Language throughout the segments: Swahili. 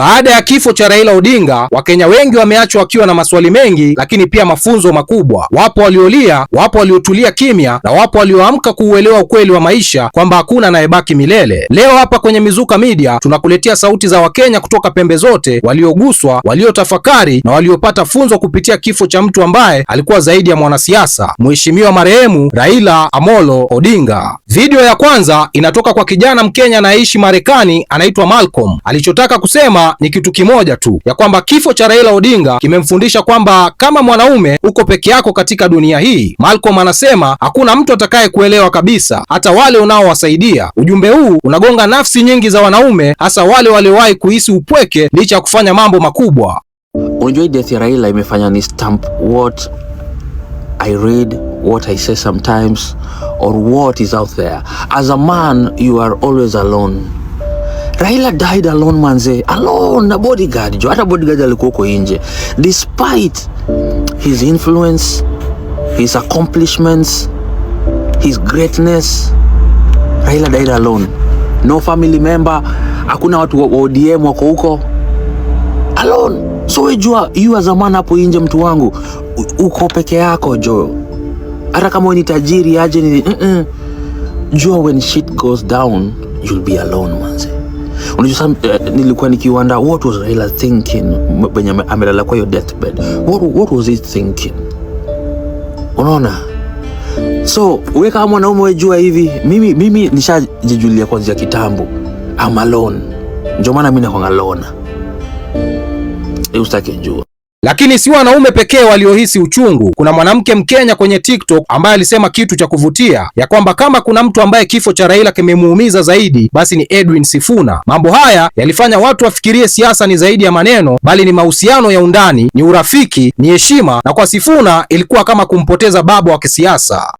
Baada ya kifo cha Raila Odinga, Wakenya wengi wameachwa wakiwa na maswali mengi, lakini pia mafunzo makubwa. Wapo waliolia, wapo waliotulia kimya, na wapo walioamka kuuelewa ukweli wa maisha kwamba hakuna anayebaki milele. Leo hapa kwenye Mizuka Media tunakuletea sauti za Wakenya kutoka pembe zote, walioguswa, waliotafakari na waliopata funzo kupitia kifo cha mtu ambaye alikuwa zaidi ya mwanasiasa, Mheshimiwa marehemu Raila Amolo Odinga. Video ya kwanza inatoka kwa kijana Mkenya anayeishi Marekani, anaitwa Malcolm. Alichotaka kusema ni kitu kimoja tu, ya kwamba kifo cha Raila Odinga kimemfundisha kwamba kama mwanaume uko peke yako katika dunia hii. Malcolm anasema hakuna mtu atakaye kuelewa kabisa, hata wale unaowasaidia. Ujumbe huu unagonga nafsi nyingi za wanaume, hasa wale waliowahi kuhisi upweke licha ya kufanya mambo makubwa. Unajua, death ya Raila imefanya ni stamp what I read what I say sometimes or what is out there. As a man you are always alone Raila died alone manze, alone na bodyguard jo, hata bodyguard alikuwa huko nje. Despite his influence, his accomplishments, his greatness, Raila died alone. No family member, hakuna watu wa ODM wako huko alone. So wejua you as a man hapo nje, mtu wangu, uko peke yako jo, hata kama ni tajiri aje ni mm -mm. Jua when shit goes down you'll be alone manze. Unajua uh, nilikuwa nikiwanda what was Raila thinking benye amelala kwa hiyo deathbed. What, what was he thinking? Unaona? So we kama mwanaume wejua hivi, mimi, mimi nishajijulia kwanzia kitambo. I'm alone. Ndio maana mimi nakwanga alone. Eustake njua lakini si wanaume pekee waliohisi uchungu. Kuna mwanamke Mkenya kwenye TikTok ambaye alisema kitu cha kuvutia ya kwamba kama kuna mtu ambaye kifo cha Raila kimemuumiza zaidi, basi ni Edwin Sifuna. Mambo haya yalifanya watu wafikirie siasa ni zaidi ya maneno, bali ni mahusiano ya undani, ni urafiki, ni heshima, na kwa Sifuna ilikuwa kama kumpoteza baba wa kisiasa.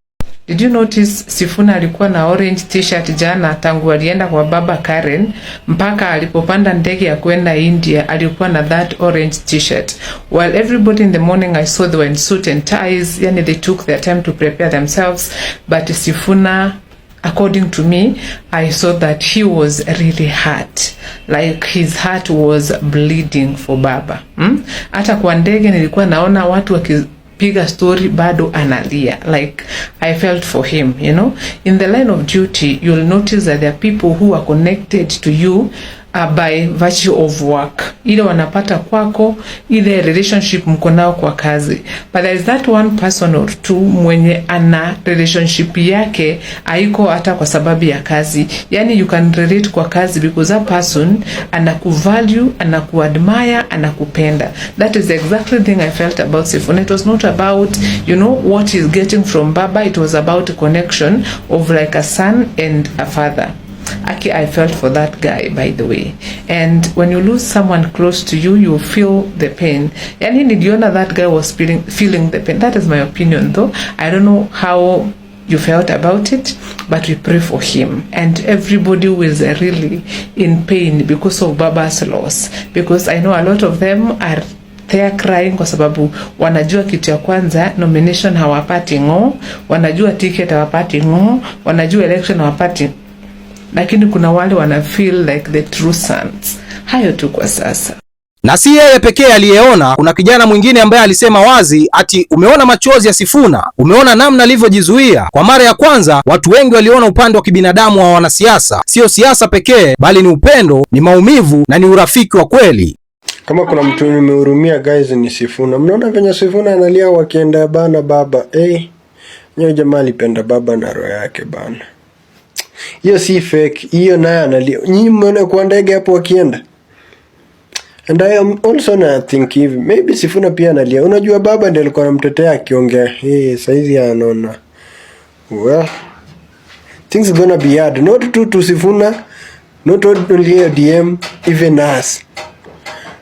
Did you notice Sifuna alikuwa na orange t-shirt jana tangu alienda kwa baba Karen mpaka alipopanda ndege ya kwenda India alikuwa na that orange t-shirt. While everybody in the morning I saw they were in suit and ties, yani they took their time to prepare themselves, but Sifuna according to me I saw that he was really hurt like his heart was bleeding for baba. Hmm? Hata kwa ndege nilikuwa naona watu waki piga story bado analia like I felt for him you know in the line of duty you'll notice that there are people who are connected to you uh, by virtue of work, ile wanapata kwako, ile relationship mko nao kwa kazi, but there is that one person or two mwenye ana relationship yake aiko hata kwa sababu ya kazi, yani you can relate kwa kazi because that person anakuvalue, anakuadmire, anakupenda. That is exactly thing I felt about Sifuna. It was not about you know what he's getting from Baba, it was about a connection of like a son and a father. Aki, I felt for that guy by the way. And when you lose someone close to you, you feel the pain. And he did you know that guy was feeling, feeling the pain. That is my opinion though. I don't know how you felt about it but we pray for him and everybody was really in pain because of baba's loss because I know a lot of them are They are crying kwa sababu wanajua kitu ya kwanza nomination hawapati ng'o, wanajua ticket hawapati ng'o, wanajua election hawapati lakini kuna wale wana feel like the true sons. Hayo tu kwa sasa. Na si yeye pekee aliyeona, kuna kijana mwingine ambaye alisema wazi ati umeona machozi ya Sifuna, umeona namna alivyojizuia. Kwa mara ya kwanza watu wengi waliona upande wa kibinadamu wa wanasiasa, sio siasa pekee, bali ni upendo, ni maumivu na ni urafiki wa kweli. Kama kuna mtu nimehurumia guys, ni Sifuna. Mnaona venye Sifuna analia wakienda bana baba, eh, hey, nyewe jamaa alipenda baba na roho yake bana hiyo si fake, hiyo naye analia. Nyinyi mmeona kwa ndege hapo wakienda And I am also na think hivi maybe Sifuna pia analia. Unajua baba ndiye alikuwa anamtetea akiongea, hey, eh, saizi anaona well things gonna be hard not to, to Sifuna not to DM even us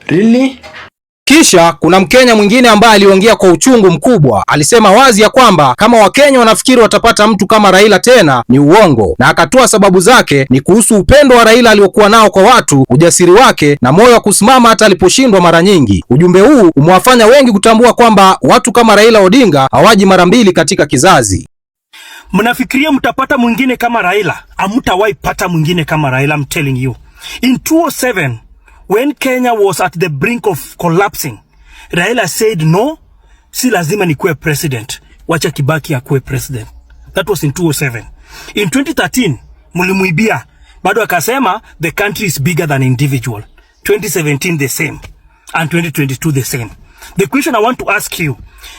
really kisha kuna Mkenya mwingine ambaye aliongea kwa uchungu mkubwa. Alisema wazi ya kwamba kama Wakenya wanafikiri watapata mtu kama Raila tena ni uongo, na akatoa sababu zake ni kuhusu upendo wa Raila aliokuwa nao kwa watu, ujasiri wake na moyo wa kusimama hata aliposhindwa mara nyingi. Ujumbe huu umewafanya wengi kutambua kwamba watu kama Raila Odinga hawaji mara mbili katika kizazi. Mnafikiria mtapata mwingine kama Raila? Amtawahi pata mwingine kama Raila, I'm telling you. In 2007 When Kenya was at the brink of collapsing, Raila said no, si lazima ni nikuwe president, wacha Kibaki akuwe president. That was in 2007. In 2013 mlimuibia, bado akasema the country is bigger than individual. 2017 the same and 2022 the same. The question I want to ask you,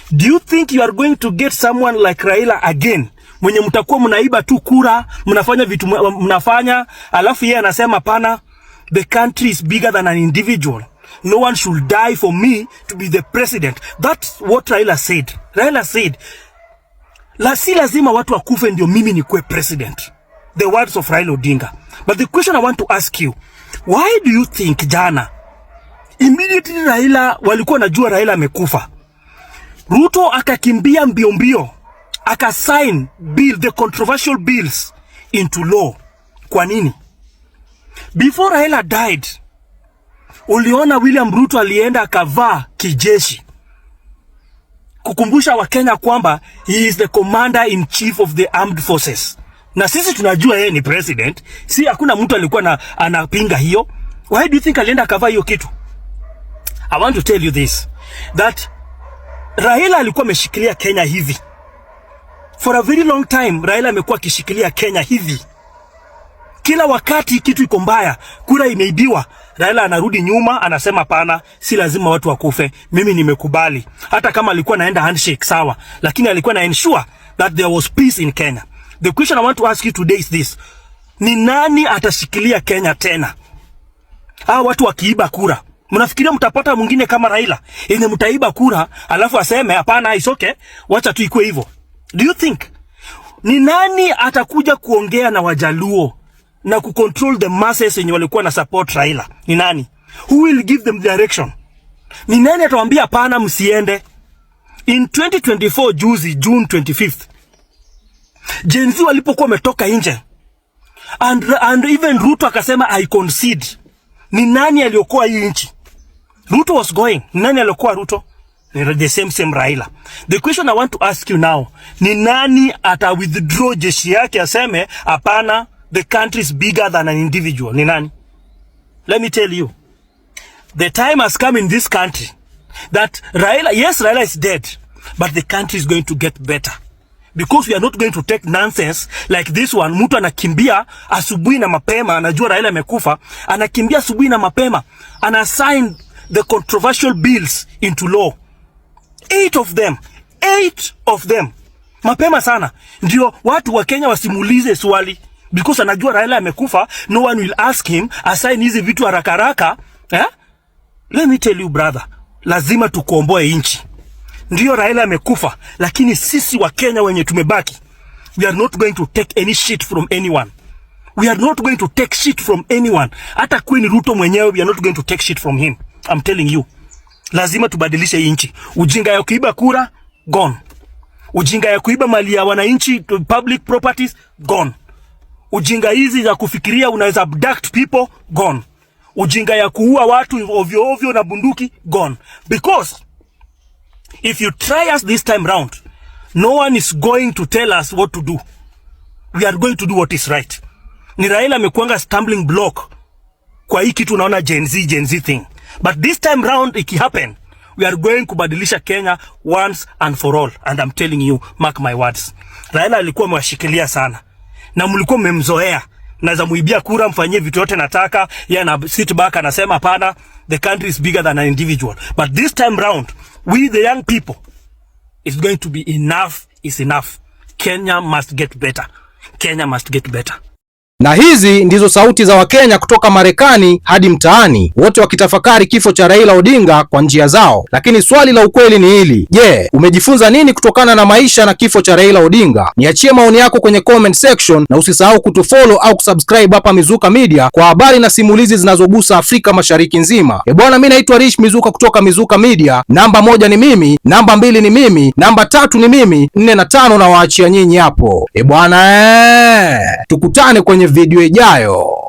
do you think you are going to get someone like Raila again? Mwenye mtakuwa mnaiba tu kura, mnafanya vitu mnafanya, alafu yeye anasema pana The country is bigger than an individual. No one should die for me to be the president. That's what Raila said. Raila said, la si lazima watu wakufe ndio mimi nikuwe president. The words of Raila Odinga. But the question I want to ask you, why do you think jana immediately Raila walikuwa najua Raila amekufa, Ruto akakimbia mbio mbio akasign bill the controversial bills into law. Kwa nini? Before Raila died, uliona William Ruto alienda akavaa kijeshi kukumbusha Wakenya kwamba he is the commander in chief of the armed forces, na sisi tunajua yeye ni president. Si hakuna mtu alikuwa na, anapinga hiyo. Why do you think alienda akavaa hiyo kitu? I want to tell you this that Raila alikuwa ameshikilia Kenya hivi for a very long time. Raila amekuwa akishikilia Kenya hivi. Kila wakati kitu iko mbaya, kura imeibiwa, Raila anarudi nyuma, anasema pana, si lazima watu wakufe, mimi nimekubali. Hata kama alikuwa naenda handshake sawa, lakini alikuwa na ensure that there was peace in Kenya. The question I want to ask you today is this: ni nani atashikilia Kenya tena? Hawa watu wakiiba kura Mnafikiria mtapata mwingine kama Raila yenye mtaiba kura alafu aseme hapana, isoke okay, wacha tu ikue hivyo? Do you think ni nani atakuja kuongea na Wajaluo na kucontrol the masses yenye walikuwa na support Raila ni nani? Who will give them direction? Ni nani atawaambia hapana, msiende? In 2024 juzi, June 25th, Gen Z walipokuwa wametoka nje and, and even Ruto akasema I concede. Ni nani aliokoa hii nchi? Ruto was going. Ni nani aliokoa Ruto? Ni the same same Raila. The question I want to ask you now, ni nani ata withdraw jeshi yake aseme hapana the country is bigger than an individual ni nani? Let me tell you, the time has come in this country that Raila, yes, Raila is dead, but the country is going to get better because we are not going to take nonsense like this one. Mtu anakimbia asubuhi na mapema, anajua Raila amekufa, anakimbia asubuhi na mapema, anasign the controversial bills into law, eight of them, eight of them, mapema sana, ndio watu wa Kenya wasimulize swali because anajua Raila amekufa, no one will ask him asign hizi vitu haraka haraka eh? Let me tell you brother, lazima tukomboe nchi. Ndio Raila amekufa, lakini sisi wa Kenya wenye tumebaki, we are not going to take any shit from anyone. We are not going to take shit from anyone. Hata Queen Ruto mwenyewe, we are not going to take shit from him. I'm telling you, lazima tubadilishe hii nchi. Ujinga ya kuiba kura gone, ujinga ya kuiba mali ya wananchi, public properties gone. Ujinga hizi za kufikiria unaweza abduct people gone. Ujinga ya kuua watu ovyo ovyo na bunduki gone. Because if you try us this time round, no one is going to tell us what to do. We are going to do what is right. Ni Raila amekuanga stumbling block kwa hii kitu unaona Gen Z, Gen Z thing. But this time round it happen. we are going kubadilisha Kenya once and for all. And I'm telling you, mark my words. Raila alikuwa amewashikilia sana na mlikuwa mmemzoea naweza muibia kura mfanyie vitu yote nataka yeye na sit back anasema hapana the country is bigger than an individual but this time round we the young people is going to be enough is enough Kenya must get better Kenya must get better na hizi ndizo sauti za Wakenya kutoka Marekani hadi mtaani, wote wakitafakari kifo cha Raila Odinga kwa njia zao. Lakini swali la ukweli ni hili: je, yeah, umejifunza nini kutokana na maisha na kifo cha Raila Odinga? Niachie maoni yako kwenye comment section na usisahau kutufollow au kusubscribe hapa Mizuka Media kwa habari na simulizi zinazogusa Afrika Mashariki nzima. E bwana, mimi naitwa Rich Mizuka kutoka Mizuka Media. Namba moja ni mimi, namba mbili ni mimi, namba tatu ni mimi, nne na tano na waachia nyinyi hapo. E bwana, eh, tukutane kwenye video ijayo.